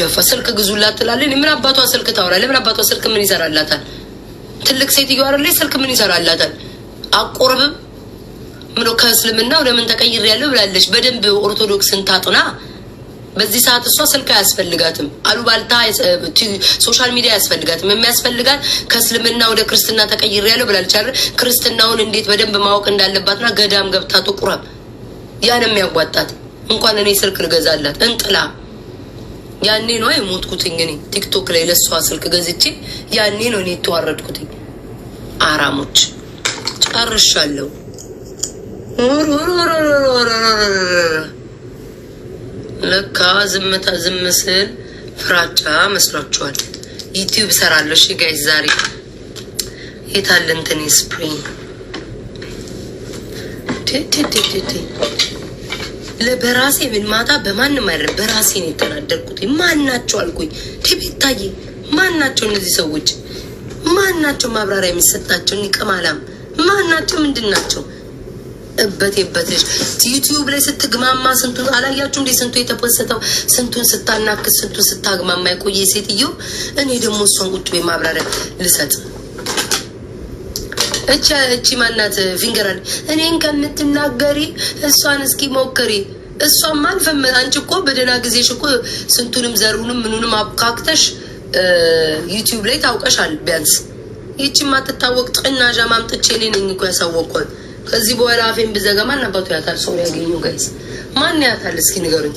ደፋ ስልክ ግዙላት ትላለች። ምን አባቷ ስልክ ታወራለች? ምን አባቷ ስልክ ምን ይሰራላታል? ትልቅ ሴትዮ አይደለች? ስልክ ምን ይሰራላታል? አቆርብም ምኖ ከእስልምና ወደ ምን ተቀይር ያለው ብላለች። በደንብ ኦርቶዶክስን ታጥና። በዚህ ሰዓት እሷ ስልክ አያስፈልጋትም፣ አሉባልታ ሶሻል ሚዲያ አያስፈልጋትም። የሚያስፈልጋት ከእስልምና ወደ ክርስትና ተቀይር ያለው አይደል? ክርስትናውን እንዴት በደንብ ማወቅ እንዳለባትና ገዳም ገብታ ትቁረብ። ያን የሚያዋጣት እንኳን እኔ ስልክ ልገዛላት እንጥላ ያኔ ነው የሞትኩትኝ። እኔ ቲክቶክ ላይ ለሷ ስልክ ገዝቼ ያኔ ነው እኔ የተዋረድኩትኝ። አራሞች ጨርሻለሁ። ለካ ዝምታ ዝም ስል ፍራቻ መስሏችኋል። ዩቲዩብ ሰራለሁ። እሺ ጋይስ ዛሬ የታለ እንትን ስፕሪንግ በራሴ ምን ማታ በማንም አይደለም፣ በራሴ ነው የተናደርኩት። ማናቸው አልኩኝ ማን ማናቸው እነዚህ ሰዎች? ማናቸው ማብራሪያ የሚሰጣቸው? ማን ማናቸው? ምንድን ናቸው? እበት የበትሽ ዩቲዩብ ላይ ስትግማማ ስንቱን አላያችሁ እንዴ? ስንቱ የተፖሰተው ስንቱን ስታናክስ ስንቱን ስታግማማ የቆየ ሴትዮ። እኔ ደግሞ እሷን ቁጭ ማብራሪያ ልሰጥ እቺ እቺ ማናት ፊንገራል እኔን ከምትናገሪ እሷን እስኪ ሞክሪ። እሷም አልፈም አንቺ እኮ በደህና ጊዜሽ እኮ ስንቱንም ዘሩንም ምኑንም አብካክተሽ ዩቲዩብ ላይ ታውቀሻል። ቢያንስ ይቺ ማትታወቅ ጥናዣ ማምጥቼ እኔ ነኝ እኮ ያሳወቅኳት። ከዚህ በኋላ አፌን ብዘጋ ማን አባቱ ያታል? ሰው ያገኙ ጋይዝ ማን ያታል? እስኪ ንገሩኝ።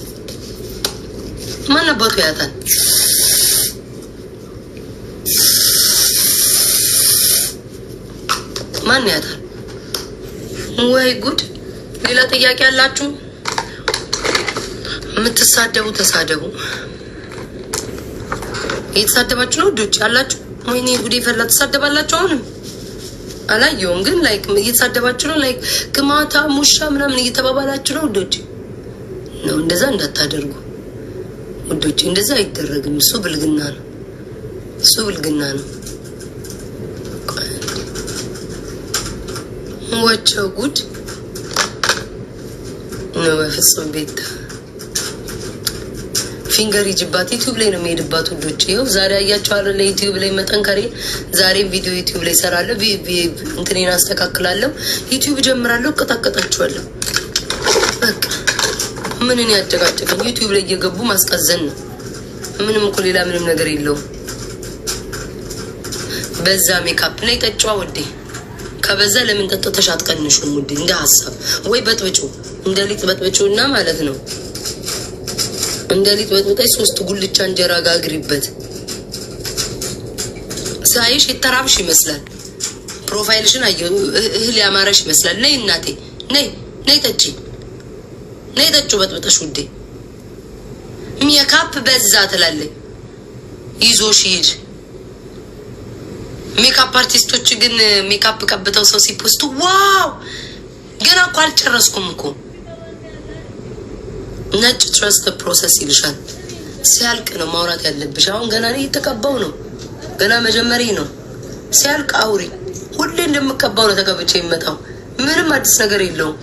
ማን አባቱ ያታል? ማን ያታል? ወይ ጉድ! ሌላ ጥያቄ አላችሁ የምትሳደቡ ተሳደቡ። እየተሳደባችሁ ነው ዶች ወይ ወይኔ ጉዴ ፈላ። ተሳደባላችሁ አሁንም አላየውም ግን ላይክ እየተሳደባችሁ ነው። ላይክ ግማታ ሙሻ ምናምን እየተባባላችሁ ነው ውዶች። ነው እንደዛ እንዳታደርጉ ውዶች፣ እንደዛ አይደረግም። እሱ ብልግና ነው፣ እሱ ብልግና ነው። እሟቸው ጉድ ነው። በፍጹም ቤት ፊንገር ይጅባት ዩቲዩብ ላይ ነው የሚሄድባት። ውዶች ይኸው ዛሬ አለ ለዩቲዩብ ላይ መጠንከሬ ዛሬም ቪዲዮ ዩቲዩብ ላይ ሰራለሁ እንትኔን አስተካክላለሁ፣ ዩቲዩብ ጀምራለሁ እቀጣቀጣችኋለሁ። በቃ ምንን ያጨቃጨቀኝ ዩቲዩብ ላይ እየገቡ ማስቀዘን ነው። ምንም እኮ ሌላ ምንም ነገር የለውም። በዛ ሜካፕ ላይ ጠጫዋ ወዴ ከበዛ ለምን ጠጥተሽ አትቀንሹም? ውድ እንደ ሀሳብ ወይ በጥብጩ እንደ ሊጥ በጥብጩ እና ማለት ነው እንደ ሊጥ በጥብጠሽ ሶስት ጉልቻ እንጀራ ጋግሪበት። ሳይሽ የተራብሽ ይመስላል። ፕሮፋይልሽን አየሁ። እህል ያማረሽ ይመስላል። ነይ እናቴ፣ ነይ ነይ፣ ጠጪ፣ ነይ ጠጩ በጥብጠሽ ውዴ። ሜካፕ በዛ ትላለች። ይዞሽ ይሂድ ሜካፕ አርቲስቶች ግን ሜካፕ ቀብተው ሰው ሲፖስቱ ዋው፣ ገና እኮ አልጨረስኩም እኮ ነጭ ትረስት ፕሮሰስ ይልሻል። ሲያልቅ ነው ማውራት ያለብሽ። አሁን ገና እኔ የተቀባው ነው፣ ገና መጀመሪ ነው። ሲያልቅ አውሪ። ሁሌ እንደምቀባው ነው ተቀብቼ የሚመጣው ምንም አዲስ ነገር የለውም።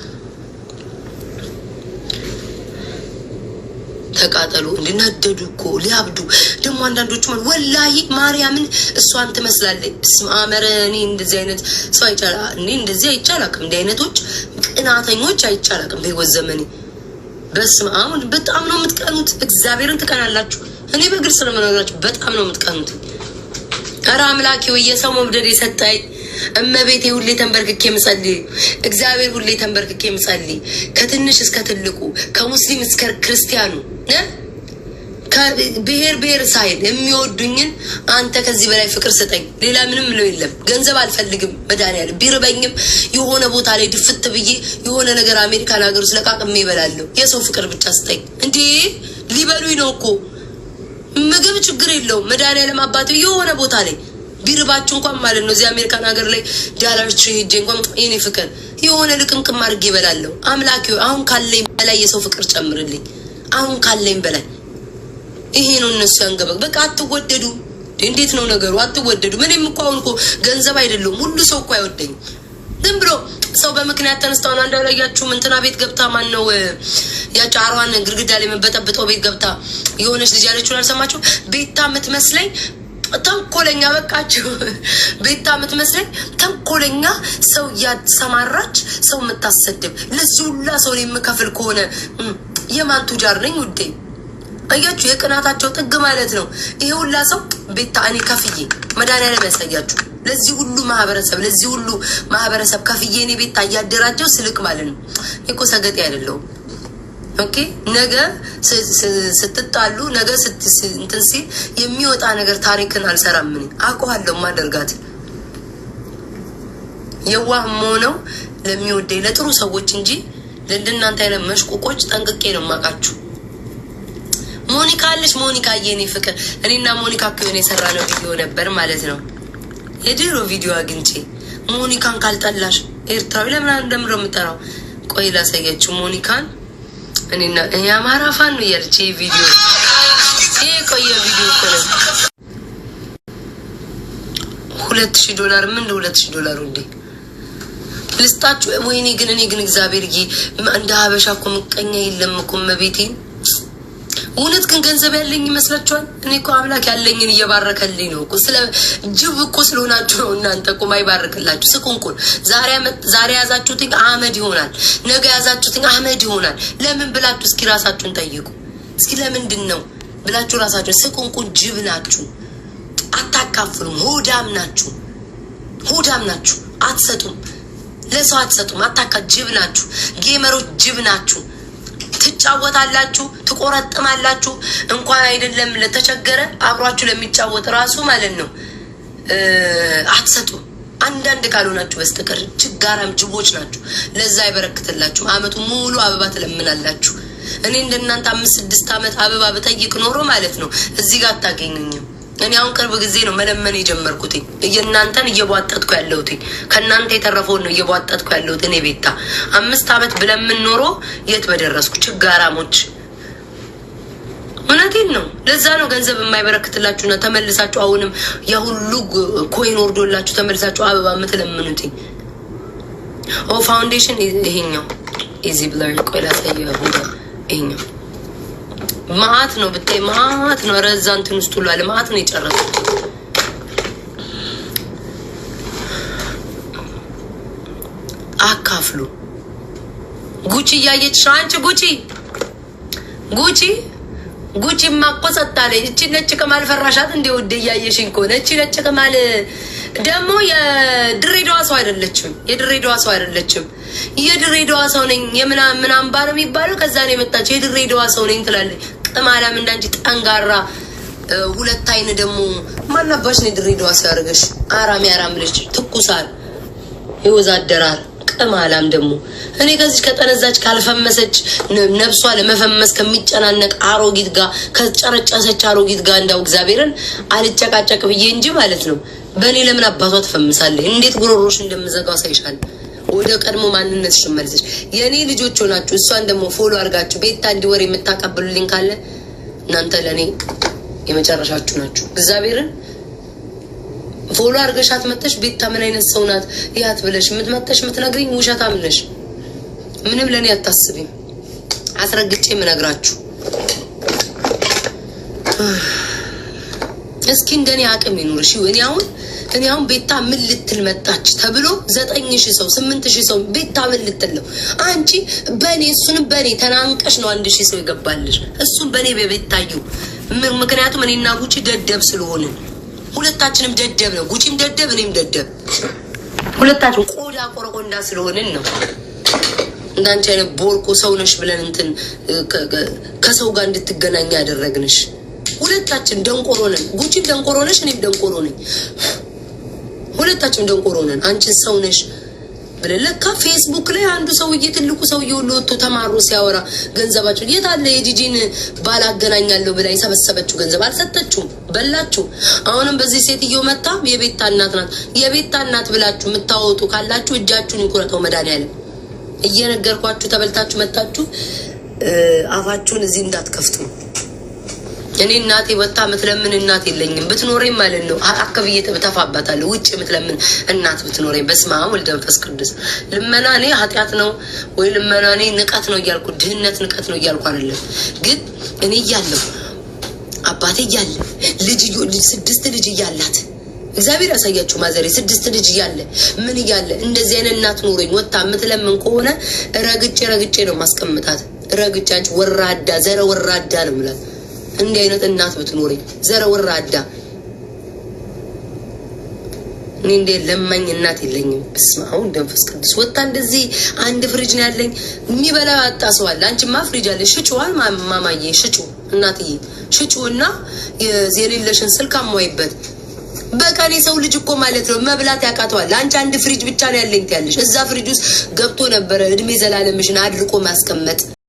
ተቃጠሉ። ሊናደዱ እኮ ሊያብዱ ደግሞ አንዳንዶች አንዳንዶቹ ወላሂ ማርያምን እሷን ትመስላለች። ስማመረ እኔ እንደዚህ አይነት ሰው አይቻላ እኔ እንደዚህ አይቻላቅም። እንዲህ አይነቶች ቅናተኞች አይቻላቅም በህይወት ዘመኔ። በስመ አብ በጣም ነው የምትቀኑት። እግዚአብሔርን ትቀናላችሁ። እኔ በግልጽ ነው የምነግራችሁ፣ በጣም ነው የምትቀኑት። ኧረ አምላኪው የሰው መብደድ የሰጠኝ እመቤቴ ሁሌ ተንበርክኬ ምጸልይ፣ እግዚአብሔር ሁሌ ተንበርክኬ ምጸልይ፣ ከትንሽ እስከ ትልቁ፣ ከሙስሊም እስከ ክርስቲያኑ፣ ብሔር ብሔር ሳይል የሚወዱኝን አንተ ከዚህ በላይ ፍቅር ስጠኝ። ሌላ ምንም ነው የለም። ገንዘብ አልፈልግም። መድኃኒዓለም ቢርበኝም የሆነ ቦታ ላይ ድፍት ብዬ የሆነ ነገር አሜሪካን ሀገር ውስጥ ለቃቅሜ ይበላለሁ። የሰው ፍቅር ብቻ ስጠኝ። እንዴ ሊበሉኝ ነው እኮ ምግብ ችግር የለውም። መድኃኒዓለም አባቴ የሆነ ቦታ ላይ ቢርባችሁ እንኳን ማለት ነው እዚህ አሜሪካን ሀገር ላይ ዳላር ትሪ ሄጄ እንኳን የኔ ፍቅር የሆነ ልቅምቅም አድርጌ እበላለሁ። አምላክ አሁን ካለኝ በላይ የሰው ፍቅር ጨምርልኝ። አሁን ካለኝ በላይ ይሄ ነው። እነሱ ያንገበግ በቃ አትወደዱ። እንዴት ነው ነገሩ? አትወደዱ። ምንም እኮ አሁን እኮ ገንዘብ አይደለም ሁሉ ሰው እኮ አይወደኝ። ዝም ብሎ ሰው በምክንያት ተነስተው አንድ አላያችሁም? እንትና ቤት ገብታ ማን ነው ያቺ አሯን ግድግዳ ላይ የምበጠብጠው ቤት ገብታ የሆነች ልጅ ያለችውን አልሰማችሁም? ቤታ የምትመስለኝ ተንኮለኛ በቃችሁ። ቤታ የምትመስለኝ ተንኮለኛ ሰው እያሰማራች ሰው የምታሰድብ ለዚህ ሁላ ሰው የምከፍል ከሆነ የማን ቱጃር ነኝ ውዴ? አያችሁ፣ የቅናታቸው ጥግ ማለት ነው። ይሄ ሁላ ሰው ቤታ እኔ ከፍዬ መድኃኒዓለም ያሳያችሁ። ለዚህ ሁሉ ማህበረሰብ ለዚህ ሁሉ ማህበረሰብ ከፍዬ እኔ ቤታ እያደራጀው ስልክ ማለት ነው። እኔ እኮ ሰገጤ አይደለሁም። ኦኬ ነገ ስትጣሉ ነገ እንትን ሲል የሚወጣ ነገር ታሪክን አልሰራም። ምን አውቀዋለሁ ማደርጋት የዋህ መሆነው ለሚወደኝ ለጥሩ ሰዎች እንጂ ለእንደናንተ አይነት መሽቁቆች ጠንቅቄ ነው የማውቃችሁ። ሞኒካ አለሽ ሞኒካ የኔ ፍቅር፣ እኔና ሞኒካ ከሆነ የሰራ ነው ቪዲዮ ነበር ማለት ነው። የድሮ ቪዲዮ አግኝቼ ሞኒካን ካልጠላሽ ኤርትራዊ ለምን እንደምረው የምጠራው ቆይ ላሳያችሁ ሞኒካን እኔና የአማራ ፋን ነው እያለች ይህ ቪዲዮ ይህ የቆየ ቪዲዮ እኮ ነው። ሁለት ሺህ ዶላር ምን ለሁለት ሺህ ዶላር እንዴ ልስጣችሁ? ወይኔ ግን እኔ ግን እግዚአብሔር እንደ ሀበሻ እኮ ምቀኛ የለም እኮ መቤቴን እውነት ግን ገንዘብ ያለኝ ይመስላችኋል? እኔ እኮ አምላክ ያለኝን እየባረከልኝ ነው እኮ። ስለ ጅብ እኮ ስለሆናችሁ ነው እናንተ እኮ ማይባርክላችሁ። ስቁንቁን ዛሬ ያዛችሁትኝ አመድ ይሆናል፣ ነገ ያዛችሁትኝ አመድ ይሆናል። ለምን ብላችሁ እስኪ ራሳችሁን ጠይቁ። እስኪ ለምንድን ነው ብላችሁ ራሳችሁን። ስቁንቁን ጅብ ናችሁ፣ አታካፍሉም። ሆዳም ናችሁ፣ ሆዳም ናችሁ፣ አትሰጡም፣ ለሰው አትሰጡም። አታካ ጅብ ናችሁ፣ ጌመሮች ጅብ ናችሁ። ትጫወታላችሁ፣ ትቆረጥማላችሁ። እንኳን አይደለም ለተቸገረ አብሯችሁ ለሚጫወት ራሱ ማለት ነው አትሰጡ። አንዳንድ ካልሆናችሁ በስተቀር ችጋራም ጅቦች ናችሁ። ለዛ አይበረክትላችሁ። አመቱ ሙሉ አበባ ትለምናላችሁ። እኔ እንደናንተ አምስት ስድስት አመት አበባ ብጠይቅ ኖሮ ማለት ነው እዚህ ጋር አታገኙኝም። እኔ አሁን ቅርብ ጊዜ ነው መለመን የጀመርኩትኝ። እየእናንተን እየቧጠጥኩ ያለሁትኝ ከእናንተ የተረፈውን ነው እየቧጠጥኩ ያለሁት። እኔ ቤታ አምስት አመት ብለምን ኖሮ የት በደረስኩ። ችጋራሞች፣ እውነቴን ነው። ለዛ ነው ገንዘብ የማይበረክትላችሁና ተመልሳችሁ አሁንም የሁሉ ኮይን ወርዶላችሁ ተመልሳችሁ አበባ የምትለምኑትኝ። ኦ ፋውንዴሽን ይሄኛው ኢዚ ብለር ቆይ ላሳየው። ይሄኛው ማት ነው ብታይ ማት ነው። ረዛ እንትን ውስጥ ሁሉ አለ መሀት ነው የጨረሱት። አካፍሉ። ጉቺ እያየች ነው። አንቺ ጉቺ ጉቺ ጉቺ ማቆ ጸጥ አለኝ። እቺ ነጭ ቅማል ፈራሻት እንደ ውድ እያየሽኝ ከሆነ እቺ ነጭ ቅማል ደግሞ የድሬዳዋ ሰው አይደለችም። የድሬዳዋ ሰው አይደለችም። የድሬዳዋ ሰው ነኝ የምና ምናምን ባለ የሚባለው ከዛ ነው የመጣችው። የድሬዳዋ ሰው ነኝ ትላለች። ቅማላም እንዳንቺ ጠንጋራ ሁለት አይን ደግሞ ማናባሽ ነው የድሬዳዋ ሰው ያደርገሽ። አራሚ አራም ልጅ ትኩሳል፣ ይወዛደራል። ቅማላም ደግሞ እኔ ከዚች ከጠነዛች ካልፈመሰች ነብሷ ለመፈመስ ከሚጨናነቅ አሮጊት ጋር ከጨረጨሰች አሮጊት ጋር እንዳው እግዚአብሔርን አልጨቃጨቅ ብዬ እንጂ ማለት ነው በእኔ ለምን አባቷ ትፈምሳለህ? እንዴት ጉሮሮሽ እንደምዘጋው ሳይሻል ወደ ቀድሞ ማንነትሽ መልሰሽ የእኔ ልጆች ሆናችሁ እሷን ደግሞ ፎሎ አድርጋችሁ ቤታ እንዲወር የምታቀብሉልኝ ካለ እናንተ ለእኔ የመጨረሻችሁ ናችሁ። እግዚአብሔርን ፎሎ አድርገሻት መተሽ ቤታ ምን አይነት ሰው ናት ያት ብለሽ የምትመተሽ የምትነግሪኝ ውሸታም ነሽ። ምንም ለእኔ አታስቢም። አስረግጬ የምነግራችሁ እስኪ እንደኔ አቅም ይኑር። እሺ እኔ አሁን እኔ አሁን ቤታ ምን ልትል መጣች ተብሎ ዘጠኝ ሺህ ሰው ስምንት ሺህ ሰው ቤታ ምን ልትል ነው? አንቺ በእኔ እሱንም በእኔ ተናንቀሽ ነው አንድ ሺህ ሰው ይገባልሽ። እሱን በእኔ በቤታዩ ምክንያቱም እኔና ጉጪ ደደብ ስለሆንን ሁለታችንም ደደብ ነው። ጉጪም ደደብ፣ እኔም ደደብ፣ ሁለታችን ቆዳ ቆረቆንዳ ስለሆንን ነው። እንዳንቺ አይነት ቦርቆ ነሽ ብለን እንትን ከሰው ጋር እንድትገናኝ ያደረግንሽ ሁለታችን ደንቆሮ ነን። ጉቺም ደንቆሮ ነሽ፣ እኔም ደንቆሮ ነኝ። ሁለታችን ደንቆሮ ነን። አንቺን ሰው ነሽ ብለን ለካ ፌስቡክ ላይ አንዱ ሰውዬ ትልቁ ሰውዬ ሁሉ ወጥቶ ተማሩ ሲያወራ ገንዘባችሁ የት አለ? የጂጂን ባል አገናኛለሁ ብላ የሰበሰበችው ገንዘብ አልሰጠችሁም በላችሁ። አሁንም በዚህ ሴትዮ መታ የቤታ እናት ናት። የቤታ እናት ብላችሁ የምታወጡ ካላችሁ እጃችሁን ይቁረጠው መድኃኒዓለም። እየነገርኳችሁ ተበልታችሁ መታችሁ አፋችሁን እዚህ እንዳትከፍቱ። እኔ እናቴ ወጣ ምትለምን እናት የለኝም። ብትኖሬም ማለት ነው አካብዬ ተፋባታለሁ። ውጭ ምትለምን እናት ብትኖሬም በስመ አብ ወልድ መንፈስ ቅዱስ። ልመና እኔ ኃጢአት ነው ወይ ልመና እኔ ንቀት ነው እያልኩ ድህነት ንቀት ነው እያልኩ አይደለም። ግን እኔ እያለሁ አባቴ እያለ ልጅ ስድስት ልጅ እያላት እግዚአብሔር ያሳያችሁ ማዘሬ ስድስት ልጅ እያለ ምን እያለ እንደዚህ አይነት እናት ኖረኝ ወጣ ምትለምን ከሆነ ረግጬ ረግጬ ነው ማስቀምጣት። ረግጬ አንቺ ወራዳ ዘረ ወራዳ ነው ምላት እንዲህ አይነት እናት ብትኖረኝ ዘረ ወራዳ እኔ እንደ ለማኝ እናት የለኝም። በስመ አብ ወወልድ ወመንፈስ ቅዱስ ወጣ እንደዚህ አንድ ፍሪጅ ነው ያለኝ። የሚበላ አጣ ሰው አለ። አንቺማ ፍሪጅ አለ። ሽጭዋል ማማዬ፣ ሽጩ እናትዬ፣ ሽጩ የሌለሽን ስልክ አሟይበት። በቀን የሰው ልጅ እኮ ማለት ነው መብላት ያቃተዋል። አንቺ አንድ ፍሪጅ ብቻ ነው ያለኝ ትያለሽ። እዛ ፍሪጅ ውስጥ ገብቶ ነበረ እድሜ ዘላለምሽን አድርቆ ማስቀመጥ